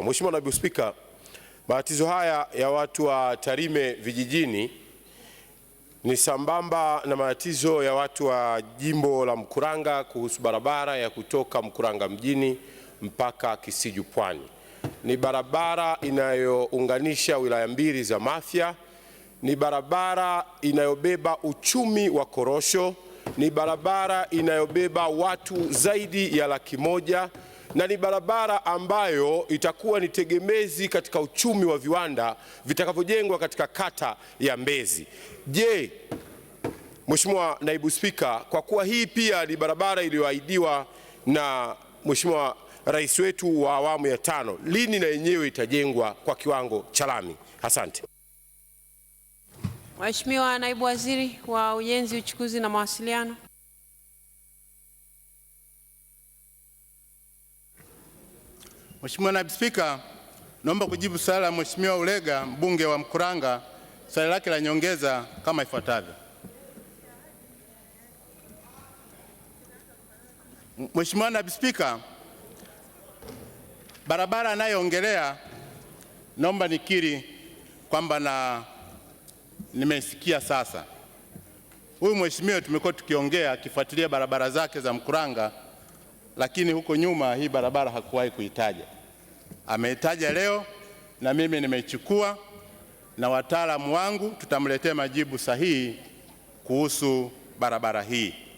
Mheshimiwa Naibu Spika, matatizo haya ya watu wa Tarime vijijini ni sambamba na matatizo ya watu wa jimbo la Mkuranga kuhusu barabara ya kutoka Mkuranga mjini mpaka Kisiju Pwani. Ni barabara inayounganisha wilaya mbili za Mafia, ni barabara inayobeba uchumi wa korosho, ni barabara inayobeba watu zaidi ya laki moja na ni barabara ambayo itakuwa ni tegemezi katika uchumi wa viwanda vitakavyojengwa katika kata ya Mbezi. Je, Mheshimiwa Naibu Spika, kwa kuwa hii pia ni barabara iliyoahidiwa na Mheshimiwa Rais wetu wa awamu ya tano, lini na yenyewe itajengwa kwa kiwango cha lami? Asante. Mheshimiwa Naibu Waziri wa Ujenzi, Uchukuzi na Mawasiliano. Mheshimiwa Naibu Spika, naomba kujibu swali la Mheshimiwa Ulega mbunge wa Mkuranga, swali lake la nyongeza kama ifuatavyo. Mheshimiwa Naibu Spika, barabara anayoongelea naomba nikiri kwamba na nimesikia sasa. Huyu mheshimiwa tumekuwa tukiongea akifuatilia barabara zake za Mkuranga lakini huko nyuma hii barabara hakuwahi kuitaja. Ameitaja leo na mimi nimeichukua, na wataalamu wangu tutamletea majibu sahihi kuhusu barabara hii.